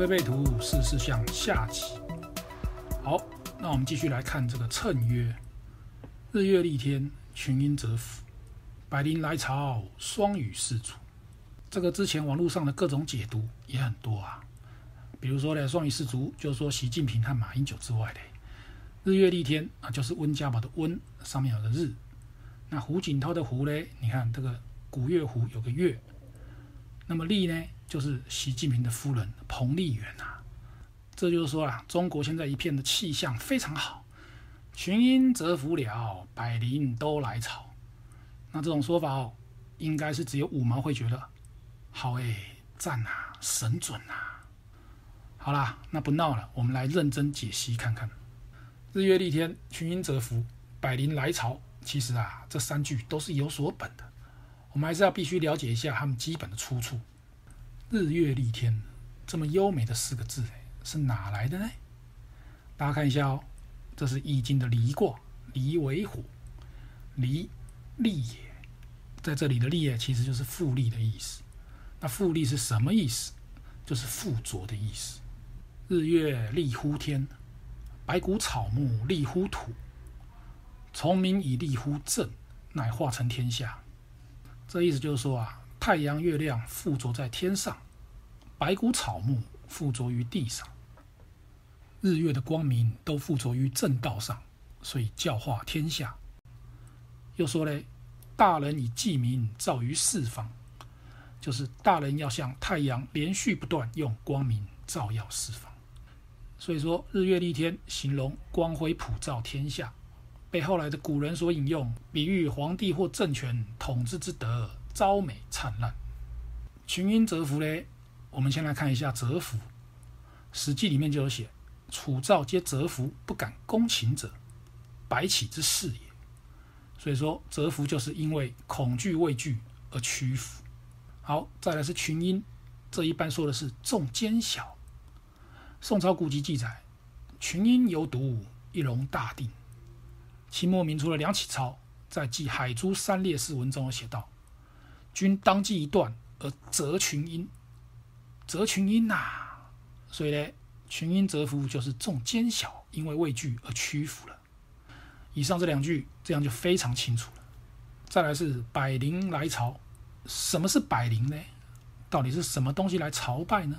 推背圖四四象下集。好，那我們繼續來看這個讖曰：日月麗天，羣陰懾服，百靈來朝，雙羽四足，這個之前網絡上的各種解讀也很多啊。比如說呢，雙羽四足就是說習近平和馬英九之外的。日月麗天啊，就是溫家寶的溫上面有個日。那胡錦濤的胡呢？你看這個古月胡有個月。那麼麗呢？就是習近平的夫人彭麗媛吶、啊，這就是說啦，中國現在一片的氣象非常好，群陰懾服了，百靈都來朝。那這種說法哦，應該是只有五毛會覺得好誒，讚啊，神準啊。好啦，那不鬧了，我們來認真解析看看。日月麗天，群陰懾服，百靈來朝。其實啊，這三句都是有所本的，我們還是要必須了解一下他們基本的出處。日月麗天，這麼優美的四個字，哎，是哪來的呢？大家看一下哦，這是《易經》的離卦，離為火，離，麗也，在這裡的麗也其實就是附麗的意思。那附麗是什麼意思？就是附着的意思。日月麗乎天，百穀草木麗乎土，重明以麗乎正，乃化成天下。這意思就是說啊。太陽、月亮附着在天上，白骨、草木附着於地上。日月的光明都附着於正道上，所以教化天下。又說呢，大人以繼明照於四方，就是大人要像太陽連續不斷用光明照耀四方。所以說，日月麗天，形容光輝普照天下，被後來的古人所引用，比喻皇帝或政權統治之德朝美燦爛，羣陰懾服嘞。我們先來看一下懾服，《史記》裡面就有寫：“楚、趙皆懾服，不敢攻秦者，白起之士也。”所以說，“懾服就是因為恐懼、畏懼而屈服。好，再來是“羣陰”，這一般說的是眾奸小。宋朝古籍記載：“羣陰有獨舞，一龍大定。”清末民初的梁啟超在記《海珠三烈士》文中有寫道。君當即一斷，而懾群陰，懾群陰吶，所以呢，群陰懾服就是眾奸小因為畏懼而屈服了。以上這兩句這樣就非常清楚了。再來是百靈來朝，什麼是百靈呢？到底是什麼東西來朝拜呢？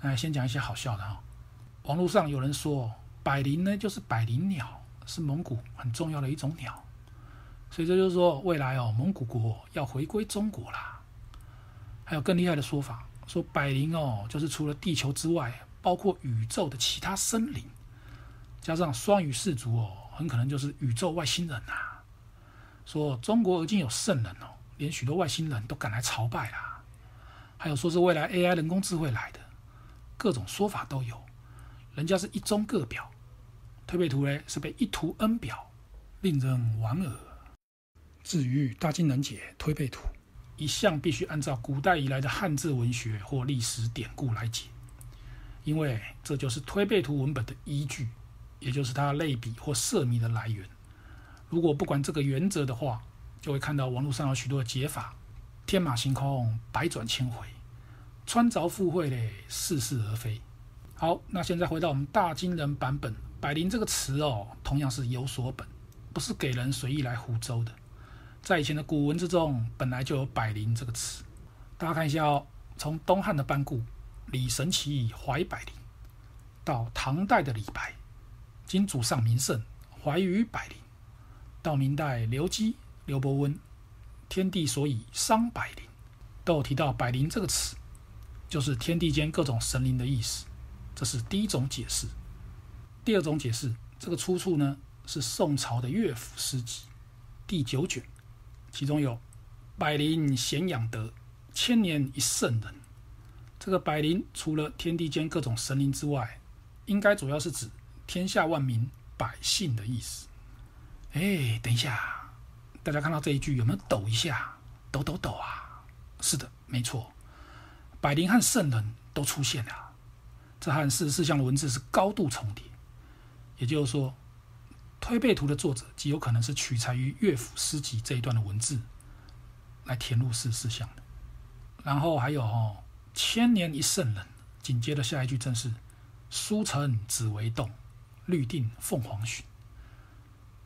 哎，先講一些好笑的啊、哦。網絡上有人說，百靈呢就是百靈鳥，是蒙古很重要的一種鳥。所以這就是說，未來哦，蒙古國要回歸中國啦。還有更厲害的說法，說百靈哦，就是除了地球之外，包括宇宙的其他生靈，加上雙羽四足哦，很可能就是宇宙外星人吶、啊。說中國而今有聖人哦，連許多外星人都趕來朝拜啦。還有說是未來 AI 人工智慧來的，各種說法都有。人家是一中各表，推背圖呢，是被一圖恩表，令人莞爾。至於大金人解推背圖，一向必須按照古代以來的漢字文學或歷史典故來解，因為這就是推背圖文本的依據，也就是它類比或設謎的來源。如果不管這個原則的話，就會看到網絡上有許多的解法，天馬行空，百轉千回，穿鑿附會的，似是而非。好，那現在回到我們大金人版本“百靈”這個詞哦，同樣是有所本，不是給人隨意來胡謅的。在以前的古文之中，本來就有“百靈”這個詞。大家看一下哦，從東漢的班固《李神奇懷百靈》，到唐代的李白“今主上明聖懷於百靈”，到明代劉基、劉伯溫“天地所以傷百靈”，都有提到“百靈”這個詞，就是天地間各種神靈的意思。這是第一種解釋。第二種解釋，這個出處呢是宋朝的《樂府詩集》第九卷。其中有“百靈咸仰德，千年一聖人”。這個“百靈”除了天地間各種神靈之外，應該主要是指天下萬民百姓的意思。哎，等一下，大家看到這一句有沒有抖一下？抖抖抖啊！是的，沒錯，“百靈”和“聖人”都出現了，這和《四四象》的文字是高度重疊。也就是說，推背圖的作者極有可能是取材於《樂府詩集》這一段的文字來填入四四象的。然後還有“哦，千年一聖人”，緊接着下一句正是“書成紫薇洞，律定鳳凰尋。”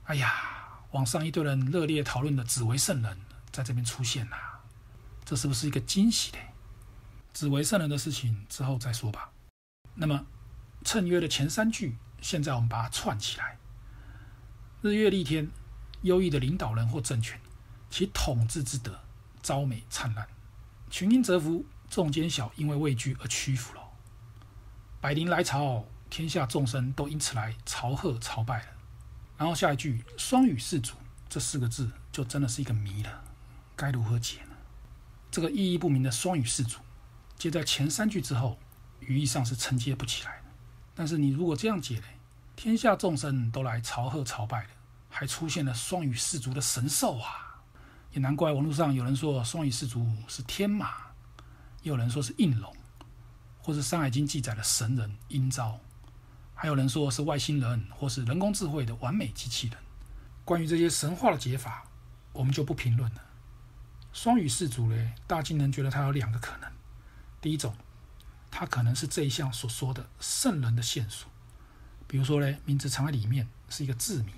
哎呀，網上一堆人熱烈討論的“紫薇聖人”在這邊出現了、啊，這是不是一個驚喜嘞？“紫薇聖人的事情”之後再說吧。那麼《讖曰》的前三句，現在我們把它串起來。日月麗天，優異的領導人或政權，其統治之德昭美燦爛，羣陰懾服，眾奸小因為畏懼而屈服了，百靈來朝，天下眾生都因此來朝賀朝拜了。然後下一句“雙羽四足”這四個字就真的是一個謎了，該如何解呢？這個意義不明的“雙羽四足”，接在前三句之後，語義上是承接不起來的。但是你如果這樣解呢？天下眾生都來朝賀朝拜的，還出現了雙羽四足的神獸啊！也難怪網路上有人說雙羽四足是天馬，也有人說是應龍，或是《山海經》記載的神人英招，還有人說是外星人，或是人工智慧的完美機器人。關於這些神話的解法，我們就不評論了。雙羽四足呢，大驚人覺得它有兩個可能：第一種，它可能是這一項所說的聖人的線索。比如說呢，名字藏在裡面是一個字謎。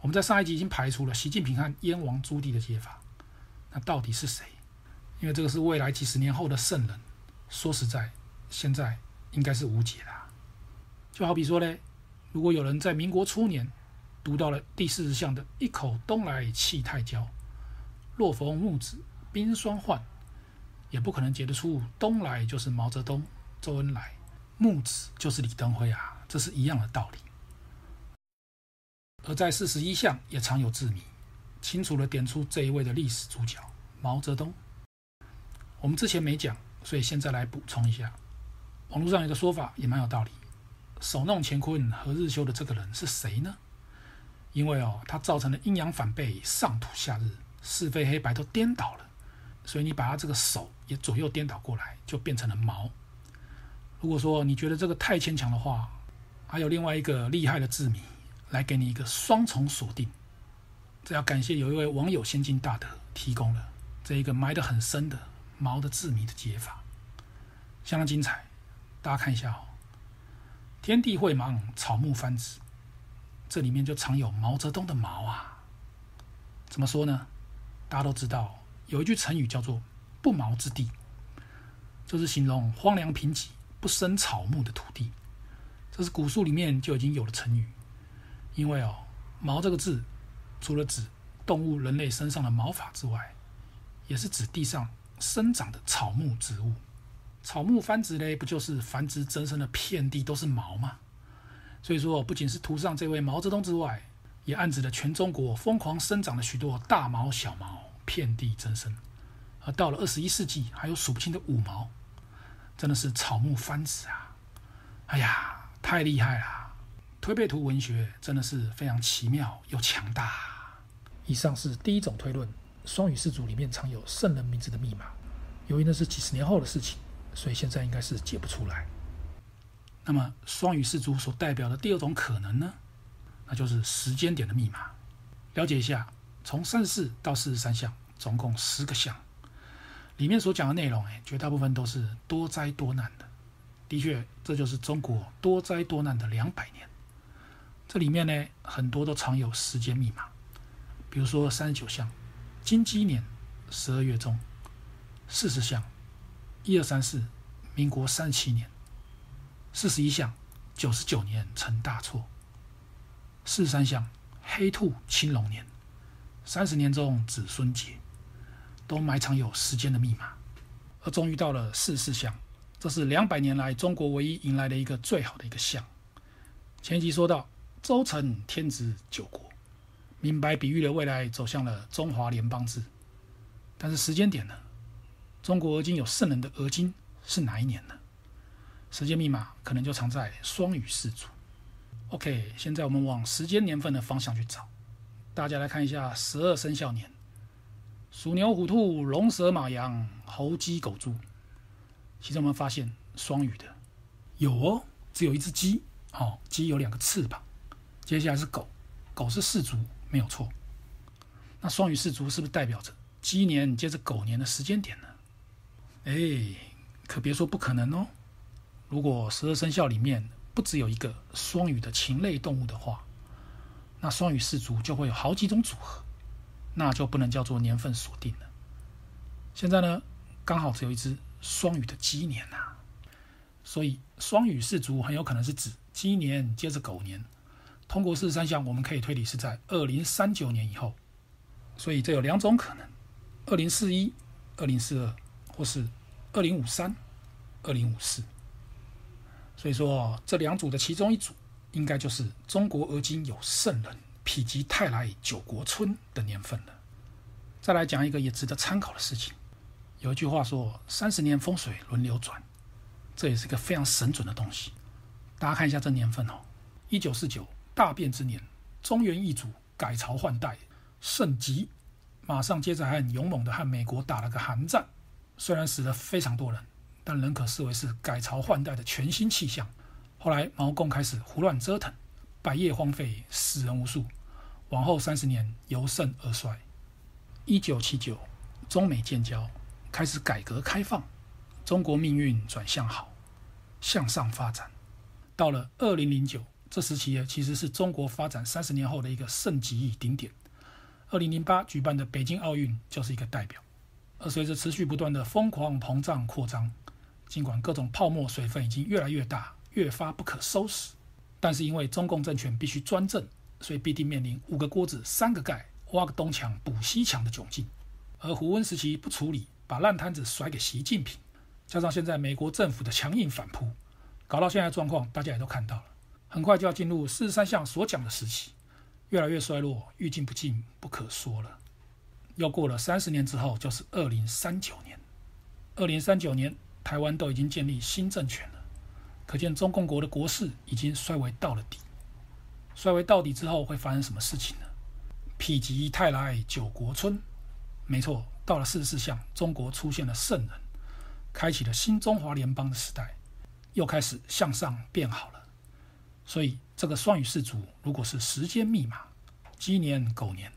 我們在上一集已經排除了習近平和燕王朱棣的解法，那到底是誰？因為這個是未來幾十年後的聖人，說實在，現在應該是無解的。就好比說呢，如果有人在民國初年讀到了第四十象的“一口東來氣太驕，若逢木子冰霜渙”，也不可能解得出“東來”就是毛澤東、周恩來，“木子”就是李登輝啊。這是一樣的道理，而在四十一象也常有字謎，清楚地點出這一位的歷史主角毛澤東。我們之前沒講，所以現在來補充一下。網絡上有個說法也蠻有道理，“手弄乾坤何日休”的這個人是誰呢？因為哦，他造成了陰陽反背、上土下日、是非黑白都顛倒了，所以你把他這個手也左右顛倒過來，就變成了毛。如果說你覺得這個太牽強的話，還有另外一個厲害的字謎，來給你一個雙重鎖定。這要感謝有一位網友先進大德提供了這一個埋得很深的毛的字謎的解法，相當精彩。大家看一下哦，“天地晦盲，草木蕃殖”，這裡面就藏有毛澤東的“毛”啊。怎麼說呢？大家都知道有一句成語叫做“不毛之地”，就是形容荒涼貧瘠、不生草木的土地。這是古書裡面就已經有了成語，因為哦，“毛”這個字，除了指動物、人類身上的毛髮之外，也是指地上生長的草木植物。草木繁殖呢，不就是繁殖增生的遍地都是毛嗎？所以說，不僅是圖上這位毛澤東之外，也暗指了全中國瘋狂生長的許多大毛、小毛，遍地增生。而到了二十一世紀，還有數不清的五毛，真的是草木繁殖啊！哎呀！太厲害啦！推背圖文學真的是非常奇妙又強大。以上是第一種推論，雙羽四足裡面藏有聖人名字的密碼。由於那是幾十年後的事情，所以現在應該是解不出來。那麼雙羽四足所代表的第二種可能呢？那就是時間點的密碼。了解一下，從三十四到四十三象，總共十個象，裡面所講的內容，絕大部分都是多災多難的。的確，這就是中國多災多難的兩百年。這裡面呢，很多都藏有時間密碼。比如說三十九項，金雞年十二月中；四十項，一二三四，民國三十七年；四十一項，九十九年成大錯；四十三項，黑兔青龍年；三十年中子孫劫，都埋藏有時間的密碼。而終於到了四十四項。這是兩百年來中國唯一迎來的一個最好的一個象。前一集說到周成天子九國，明白比喻了未來走向了中華聯邦制。但是時間點呢？中國而今有聖人的而今是哪一年呢？時間密碼可能就藏在雙羽四足。OK，現在我們往時間年份的方向去找。大家來看一下十二生肖年：鼠、牛、虎、兔、龍、蛇、馬、羊、猴、雞、狗、豬。其實我們發現雙羽的有哦，只有一隻雞哦，雞有兩個翅膀。接下來是狗，狗是四足，沒有錯。那雙羽四足是不是代表着雞年接着狗年的時間點呢？哎，可別說不可能哦。如果十二生肖裡面不只有一個雙羽的禽類動物的話，那雙羽四足就會有好幾種組合，那就不能叫做年份鎖定了。現在呢，剛好只有一隻。雙羽的雞年吶、啊，所以雙羽四足很有可能是指雞年接着狗年。通過四十三象，我們可以推理是在二零三九年以後，所以這有兩種可能：二零四一、二零四二，或是二零五三、二零五四。所以說，這兩組的其中一組，應該就是中國而今有聖人，否極泰來九國春的年份了。再來講一個也值得參考的事情。有一句話說：“三十年風水輪流轉”，這也是一個非常神準的東西。大家看一下這年份哦，一九四九大變之年，中原易主，改朝換代，盛極。馬上接着還很勇猛的和美國打了個韓戰，雖然死了非常多人，但仍可視為是改朝換代的全新氣象。後來毛共開始胡亂折騰，百業荒廢，死人無數。往後三十年由盛而衰。一九七九中美建交。開始改革開放，中國命運轉向好，向上發展。到了二零零九，這時期其實是中國發展三十年後的一個盛極頂點。二零零八舉辦的北京奧運就是一個代表。而隨着持續不斷的瘋狂膨脹擴張，儘管各種泡沫水分已經越來越大，越發不可收拾，但是因為中共政權必須專政，所以必定面臨五個鍋子三個蓋，挖個東牆補西牆的窘境。而胡溫時期不處理。把爛攤子甩給習近平，加上現在美國政府的強硬反撲，搞到現在狀況，大家也都看到了。很快就要進入四十三項所講的時期，越來越衰落，欲進不進，不可說了。又過了三十年之後，就是二零三九年。二零三九年，台灣都已經建立新政權了，可見中共國的國勢已經衰微到了底。衰微到底之後會發生什麼事情呢？否極泰來，九國春。沒錯。到了四十四象，中國出現了聖人，開啟了新中華聯邦的時代，又開始向上變好了。所以這個雙羽四足，如果是時間密碼，雞年狗年，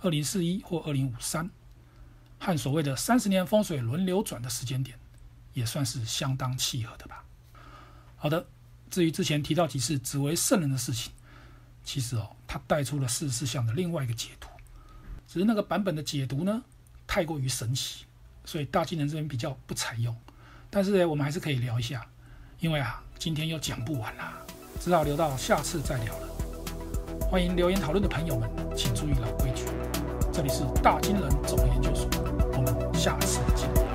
二零四一或二零五三，和所謂的三十年風水輪流轉的時間點，也算是相當契合的吧。好的，至於之前提到幾次只為聖人的事情，其實哦，它帶出了四十四象的另外一個解讀，只是那個版本的解讀呢？太過於神奇，所以大金人這邊比較不採用。但是呢，我們還是可以聊一下，因為啊，今天又講不完啦，只好留到下次再聊了。歡迎留言討論的朋友們，請注意老規矩，這裡是大金人總研究所，我們下次見。